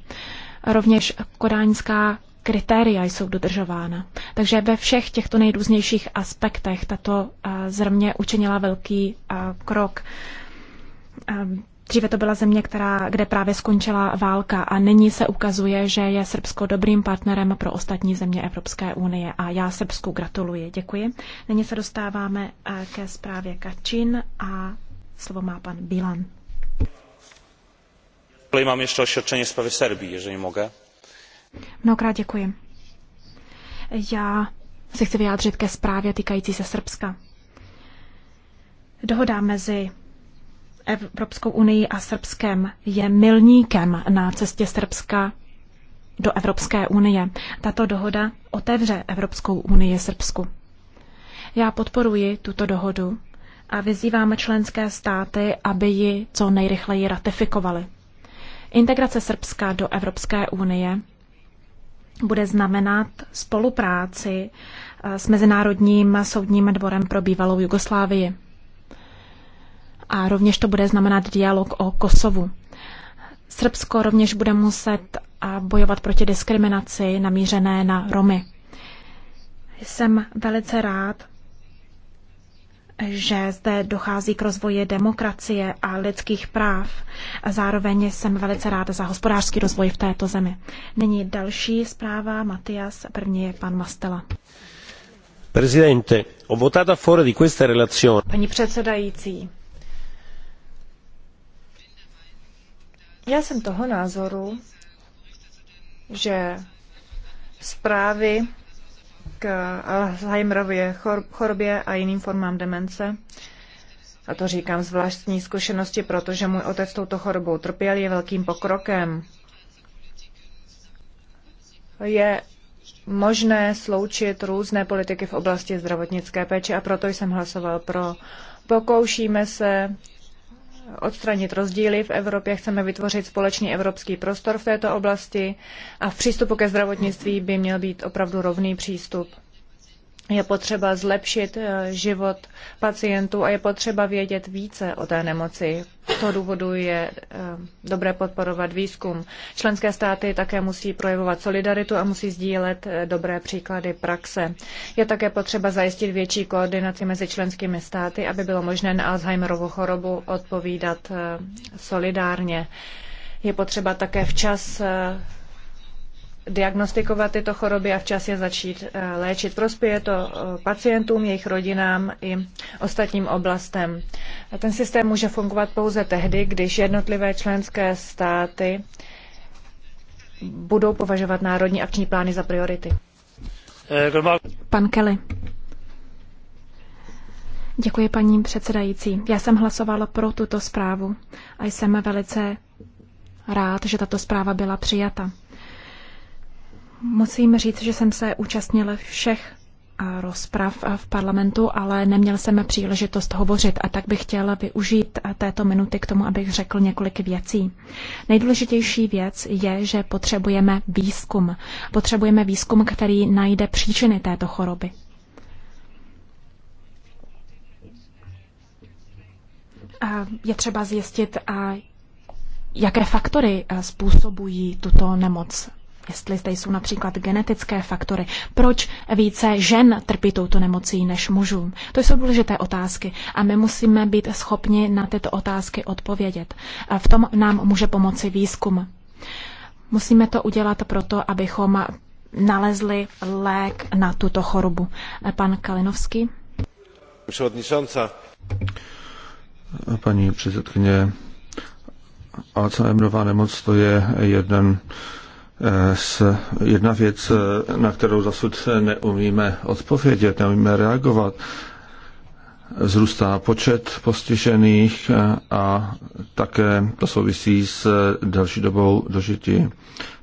[SPEAKER 6] Rovněž kodáňská kritéria jsou dodržována. Takže ve všech těchto nejrůznějších aspektech tato země učinila velký krok. Dříve to byla země, která, kde právě skončila válka a nyní se ukazuje, že je Srbsko dobrým partnerem pro ostatní země Evropské unie a já Srbsku gratuluji. Děkuji. Nyní se dostáváme ke zprávě Kačin a slovo má pan Bilan.
[SPEAKER 4] Mám ještě ošetření zprávy Serbii, jeżeli mogę.
[SPEAKER 6] Mnohokrát děkuji. Já se chci vyjádřit ke zprávě týkající se Srbska. Dohoda mezi Evropskou unii a Srbskem je milníkem na cestě Srbska do Evropské unie. Tato dohoda otevře Evropskou unii Srbsku. Já podporuji tuto dohodu a vyzýváme členské státy, aby ji co nejrychleji ratifikovali. Integrace Srbska do Evropské unie bude znamenat spolupráci eh, s Mezinárodním soudním dvorem pro bývalou Jugoslávii. A rovněž to bude znamenat dialog o Kosovu. Srbsko rovněž bude muset eh, bojovat proti diskriminaci namířené na Romy. Jsem velice rád, že zde dochází k rozvoji demokracie a lidských práv. Zároveň jsem velice ráda za hospodářský rozvoj v této zemi. Nyní další zpráva, Matias, první je pan Mastela.
[SPEAKER 2] Presidente, ho votato a di questa relazione. Paní předsedající, já jsem toho názoru, že zprávy k Alzheimerově chorobě a jiným formám demence. A to říkám z vlastní zkušenosti, protože můj otec touto chorobou trpěl, je velkým pokrokem. Je možné sloučit různé politiky v oblasti zdravotnické péče a proto jsem hlasoval pro. Pokoušíme se odstranit rozdíly v Evropě, chceme vytvořit společný evropský prostor v této oblasti a v přístupu ke zdravotnictví by měl být opravdu rovný přístup. Je potřeba zlepšit eh, život pacientů a je potřeba vědět více o té nemoci. Z toho důvodu je eh, dobré podporovat výzkum. Členské státy také musí projevovat solidaritu a musí sdílet eh, dobré příklady praxe. Je také potřeba zajistit větší koordinaci mezi členskými státy, aby bylo možné na Alzheimerovu chorobu odpovídat solidárně. Je potřeba také včas diagnostikovat tyto choroby a včas je začít eh, léčit. Prospěje to eh, pacientům, jejich rodinám i ostatním oblastem. A ten systém může fungovat pouze tehdy, když jednotlivé členské státy budou považovat národní akční plány za priority.
[SPEAKER 6] Pan Kelly. Děkuji paní předsedající. Já jsem hlasovala pro tuto zprávu a jsem velice rád, že tato zpráva byla přijata. Musím říct, že jsem se účastnila všech eh, rozprav eh, v parlamentu, ale neměl jsem příležitost hovořit a tak bych chtěla využít eh, této minuty k tomu, abych řekl několik věcí. Nejdůležitější věc je, že potřebujeme výzkum. Potřebujeme výzkum, který najde příčiny této choroby. Je třeba zjistit, jaké faktory způsobují tuto nemoc jestli zde jsou například genetické faktory. Proč více žen trpí touto nemocí než mužů? To jsou důležité otázky a my musíme být schopni na tyto otázky odpovědět. V tom nám může pomoci výzkum. Musíme to udělat proto, abychom nalezli lék na tuto chorobu. Pan Kalinovský.
[SPEAKER 5] Paní předsedkyně, Alzheimerová nemoc to je jeden s jedna věc, na kterou zasud neumíme odpovědět, neumíme reagovat. Zrůstá počet postižených a také to souvisí s další dobou dožití.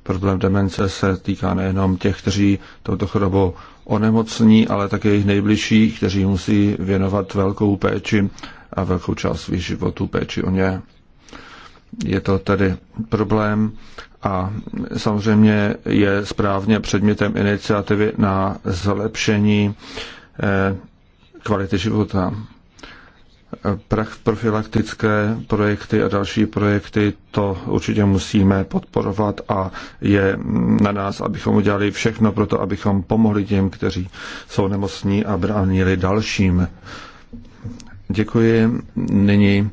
[SPEAKER 5] Problém demence se týká nejenom těch, kteří touto chorobou onemocní, ale také jejich nejbližších, kteří musí věnovat velkou péči a velkou část svých životů péči o ně je to tedy problém a samozřejmě je správně předmětem iniciativy na zlepšení eh, kvality života. profilaktické projekty a další projekty to určitě musíme podporovat a je na nás, abychom udělali všechno pro to, abychom pomohli těm, kteří jsou nemocní a bránili dalším. Děkuji. Nyní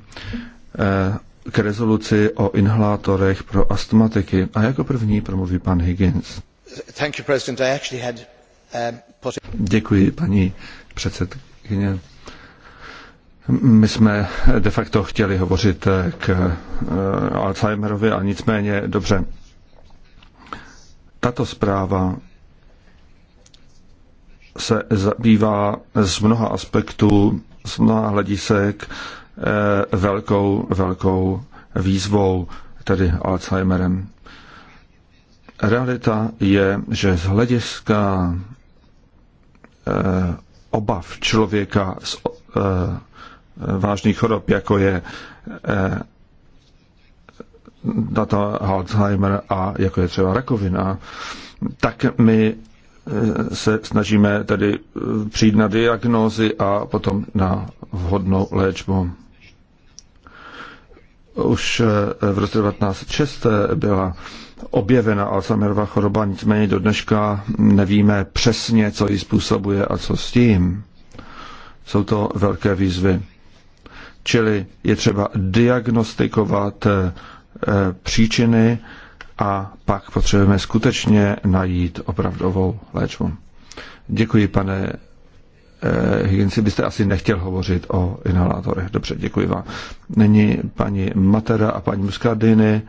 [SPEAKER 5] eh, k rezoluci o inhalátorech pro astmatiky. A jako první promluví pan Higgins.
[SPEAKER 2] Um,
[SPEAKER 5] Děkuji, paní předsedkyně. My jsme de facto chtěli hovořit eh, k eh, Alzheimerovi, ale nicméně dobře. Tato zpráva se zabývá z mnoha aspektů, z mnoha hledisek Eh, velkou, velkou výzvou, tedy Alzheimerem. Realita je, že z hlediska eh, obav člověka z eh, vážných chorob, jako je data Alzheimer a jako je třeba rakovina, tak my se snažíme tedy eh, přijít na diagnózy a potom na vhodnou léčbu. Už eh, v roce 1906 eh, byla objevena Alzheimerova choroba, nicméně do dneška nevíme přesně, co ji způsobuje a co s tím. Jsou to velké výzvy. Čili je třeba diagnostikovat příčiny, a pak potřebujeme skutečně najít opravdovou léčbu. Děkuji, pane eh, Higginsi, byste asi nechtěl hovořit o inhalátorech. Dobře, děkuji vám. Není paní Matera a paní Muscardini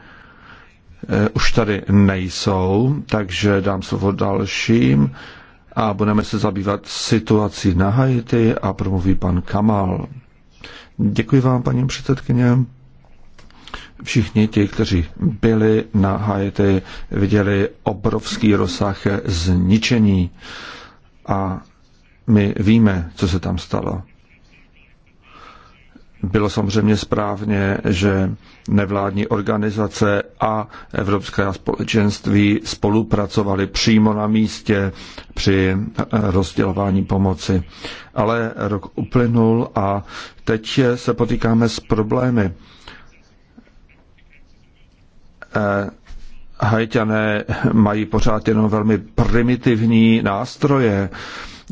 [SPEAKER 5] eh, už tady nejsou, takže dám slovo dalším a budeme se zabývat situací na Haiti a promluví pan Kamal. Děkuji vám, paní předsedkyně. Všichni ti, kteří byli na Haiti, viděli obrovský rozsah zničení a my víme, co se tam stalo. Bylo samozřejmě správně, že nevládní organizace a Evropské společenství spolupracovali přímo na místě při eh, rozdělování pomoci. Ale rok uplynul a teď se potýkáme s problémy. Eh, Haitiané mají pořád jenom velmi primitivní nástroje.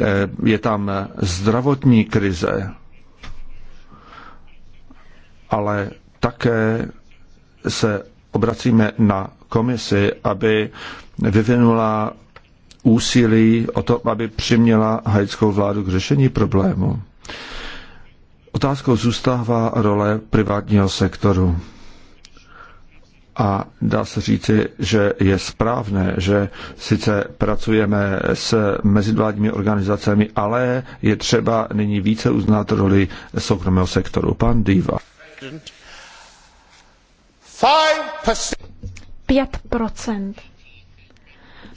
[SPEAKER 5] Eh, je tam zdravotní krize, ale také se obracíme na komisi, aby vyvinula úsilí o to, aby přiměla haitskou vládu k řešení problému. Otázkou zůstává role privátního sektoru. A dá se říci, že je správné, že sice pracujeme s mezivládními organizacemi, ale je třeba nyní více uznat roli soukromého sektoru. Pan Diva.
[SPEAKER 6] 5%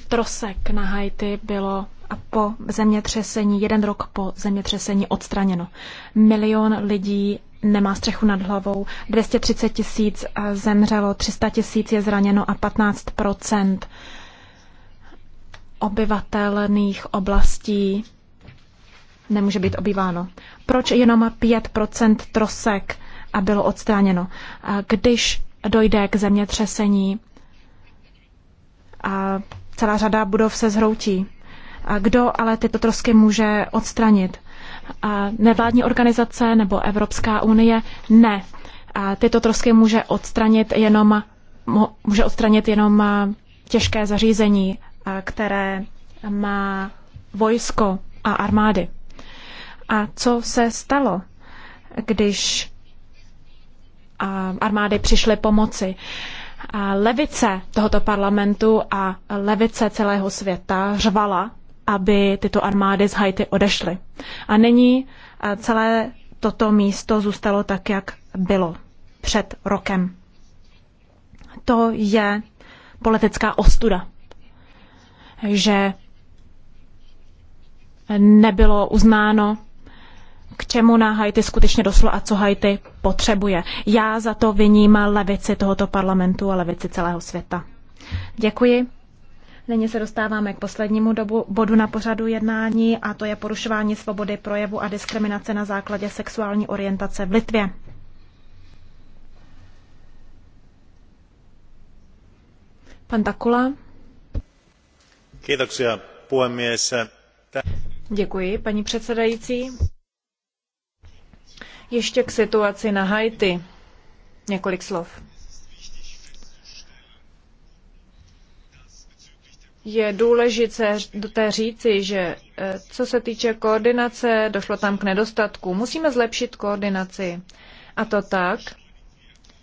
[SPEAKER 6] trosek na Haiti bylo a po zemětřesení, jeden rok po zemětřesení odstraněno. Milion lidí nemá střechu nad hlavou. 230 tisíc eh, zemřelo, 300 tisíc je zraněno a 15 obyvatelných oblastí nemůže být obýváno. Proč jenom 5 trosek a eh, bylo odstraněno? Eh, když dojde k zemětřesení, a celá řada budov se zhroutí. A kdo ale tyto trosky může odstranit? nevládní organizace nebo Evropská unie ne. A tyto trosky může odstranit jenom, může odstranit jenom těžké zařízení, které má vojsko a armády. A co se stalo, když armády přišly pomoci? A levice tohoto parlamentu a levice celého světa řvala aby tyto armády z Haiti odešly. A nyní celé toto místo zůstalo tak, jak bylo před rokem. To je politická ostuda, že nebylo uznáno, k čemu na Haiti skutečně došlo a co Haiti potřebuje. Já za to viním levici tohoto parlamentu a levici celého světa. Děkuji. Nyní se dostáváme k poslednímu dobu, bodu na pořadu jednání a to je porušování svobody projevu a diskriminace na základě sexuální orientace v Litvě. Pan
[SPEAKER 2] Takula.
[SPEAKER 1] Kiitoksia, se.
[SPEAKER 2] Děkuji, paní předsedající. Ještě k situaci na Haiti. Několik slov. je důležité říci, že e, co se týče koordinace, došlo tam k nedostatku. Musíme zlepšit koordinaci. A to tak,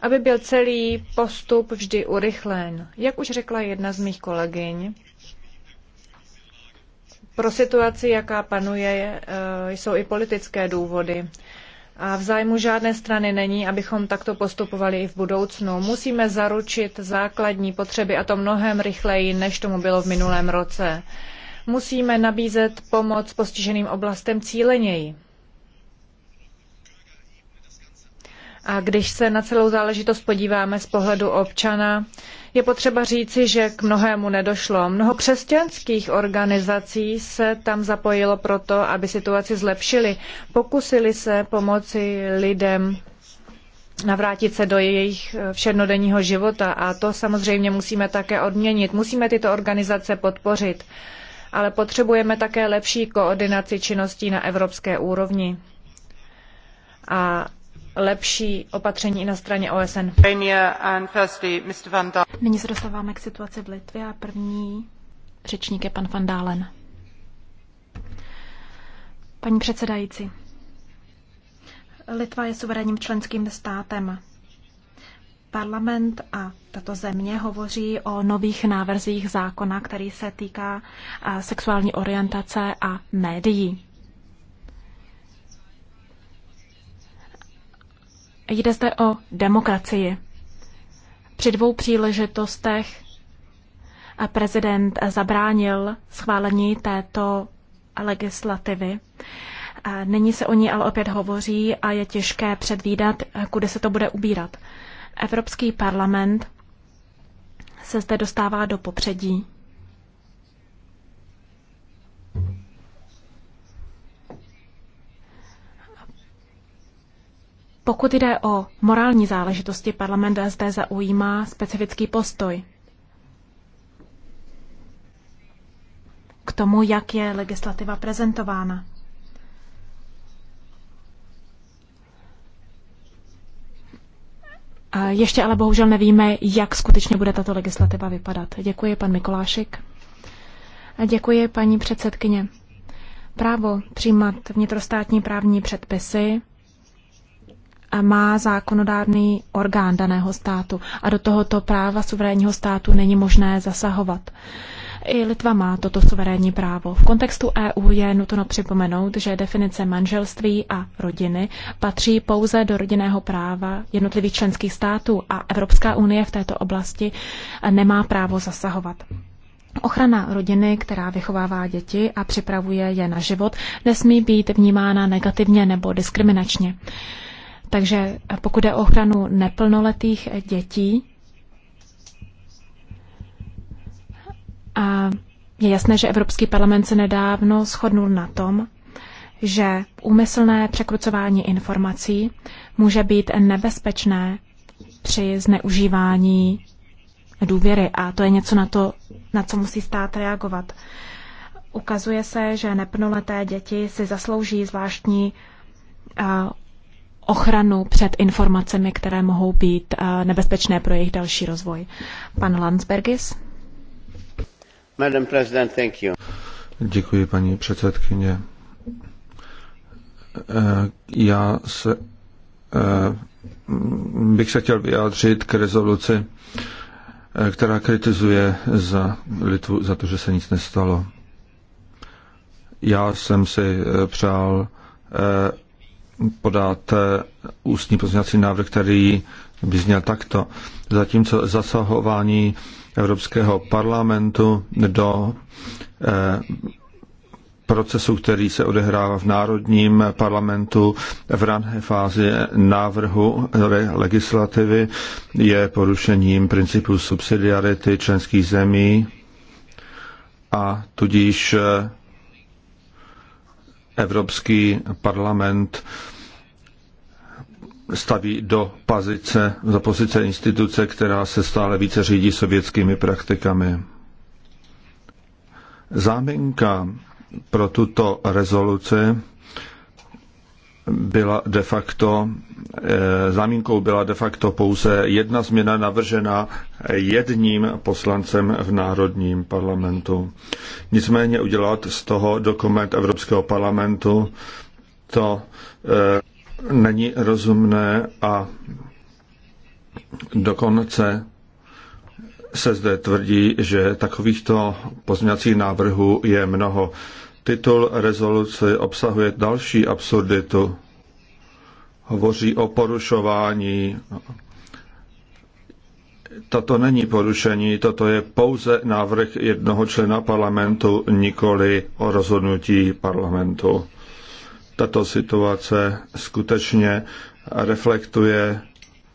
[SPEAKER 2] aby byl celý postup vždy urychlen. Jak už řekla jedna z mých kolegyň, pro situaci, jaká panuje, e, jsou i politické důvody. A v zájmu žádné strany není, abychom takto postupovali i v budoucnu. Musíme zaručit základní potřeby a to mnohem rychleji, než tomu bylo v minulém roce. Musíme nabízet pomoc postiženým oblastem cíleněji. A když se na celou záležitost podíváme z pohledu občana, je potřeba říci, že k mnohému nedošlo. Mnoho křesťanských organizací se tam zapojilo proto, aby situaci zlepšili. Pokusili se pomoci lidem navrátit se do jejich všednodenního života a to samozřejmě musíme také odměnit. Musíme tyto organizace podpořit, ale potřebujeme také lepší koordinaci činností na evropské úrovni. A lepší opatření i na straně OSN. Nyní se dostáváme k situaci v
[SPEAKER 6] Litvě a první řečník je pan Van Dálen. Paní předsedající, Litva je suverénním členským státem. Parlament a tato země hovoří o nových návrzích zákona, který se týká sexuální orientace a médií. Jde zde o demokracii. Při dvou příležitostech a prezident zabránil schválení této legislativy. Nyní se o ní ale opět hovoří a je těžké předvídat, kudy se to bude ubírat. Evropský parlament se zde dostává do popředí. Pokud jde o morální záležitosti, parlament zde zaujímá specifický postoj k tomu, jak je legislativa prezentována. Ještě ale bohužel nevíme, jak skutečně bude tato legislativa vypadat. Děkuji, pan Mikolášik. A děkuji, paní předsedkyně. Právo přijímat vnitrostátní právní předpisy má zákonodárný orgán daného státu a do tohoto práva suverénního státu není možné zasahovat. I Litva má toto suverénní právo. V kontextu EU je nutno připomenout, že definice manželství a rodiny patří pouze do rodinného práva jednotlivých členských států a Evropská unie v této oblasti nemá právo zasahovat. Ochrana rodiny, která vychovává děti a připravuje je na život, nesmí být vnímána negativně nebo diskriminačně. Takže pokud je o ochranu neplnoletých dětí, a je jasné, že Evropský parlament se nedávno shodnul na tom, že úmyslné překrucování informací může být nebezpečné při zneužívání důvěry a to je něco na to, na co musí stát reagovat. Ukazuje se, že neplnoleté děti si zaslouží zvláštní eh, ochranu před informacemi, které mohou být eh, nebezpečné pro jejich další rozvoj. Pan Landsbergis.
[SPEAKER 3] Madam President, thank you.
[SPEAKER 5] Děkuji, paní předsedkyně. Eh, já se, eh, bych se chtěl vyjádřit k rezoluci, která kritizuje za Litvu za to, že se nic nestalo. Já jsem si přál podáte eh, ústní pozměňovací návrh, který by zněl takto. Zatímco zasahování Evropského parlamentu do eh, procesu, který se odehrává v Národním parlamentu v rané fázi návrhu legislativy, je porušením principu subsidiarity členských zemí a tudíž eh, Evropský parlament staví do pozice, do pozice instituce, která se stále více řídí sovětskými praktikami. Záminka pro tuto rezoluci byla de facto, eh, zámínkou byla de facto pouze jedna změna navržena jedním poslancem v Národním parlamentu. Nicméně udělat z toho dokument Evropského parlamentu, to eh, není rozumné a dokonce se zde tvrdí, že takovýchto pozměňovacích návrhů je mnoho. Titul rezoluce obsahuje další absurditu. Hovoří o porušování. Tato není porušení, toto je pouze návrh jednoho člena parlamentu, nikoli o rozhodnutí parlamentu. Tato situace skutečně reflektuje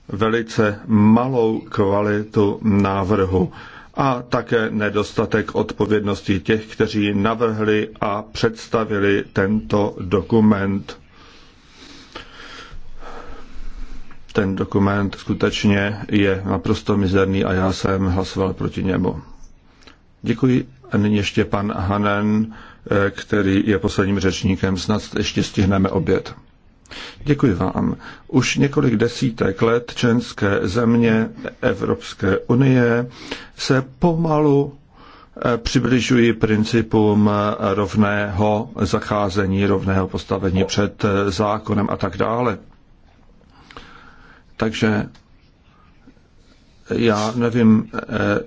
[SPEAKER 5] velice malou kvalitu návrhu a také nedostatek odpovědnosti těch, kteří navrhli a představili tento dokument. Ten dokument skutečně je naprosto mizerný a já jsem hlasoval proti němu. Děkuji. A nyní ještě pan Hanen, eh, který je posledním řečníkem. Snad ještě stihneme oběd. Děkuji vám. Už několik desítek let členské země Evropské unie se pomalu eh, přibližují principům rovného zacházení, rovného postavení před eh, zákonem a tak dále. Takže já nevím, eh,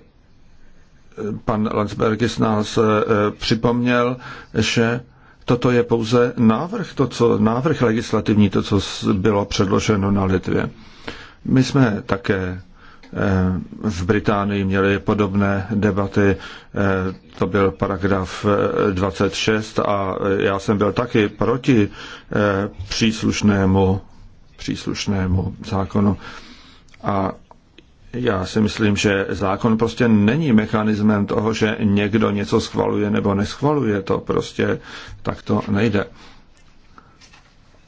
[SPEAKER 5] pan Landsbergis nás připomněl, že toto je pouze návrh, to, co, návrh legislativní, to, co bylo předloženo na Litvě. My jsme také eh, v Británii měli podobné debaty, eh, to byl paragraf 26 eh, a já jsem byl taky proti příslušnému, příslušnému zákonu. A já si myslím, že zákon prostě není mechanismem toho, že někdo něco schvaluje nebo neschvaluje. To prostě tak to nejde.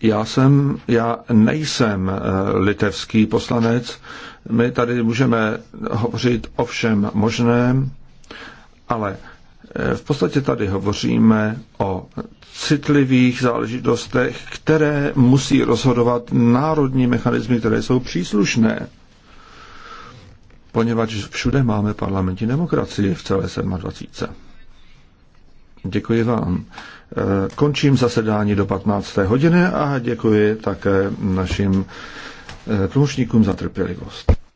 [SPEAKER 5] Já jsem, já nejsem eh, litevský poslanec. My tady můžeme hovořit o všem možném, ale eh, v podstatě tady hovoříme o citlivých záležitostech, které musí rozhodovat národní mechanismy, které jsou příslušné poněvadž všude máme parlamentní demokracii v celé 27. Děkuji vám. E, končím zasedání do 15. hodiny a děkuji také našim e, tlumočníkům za trpělivost.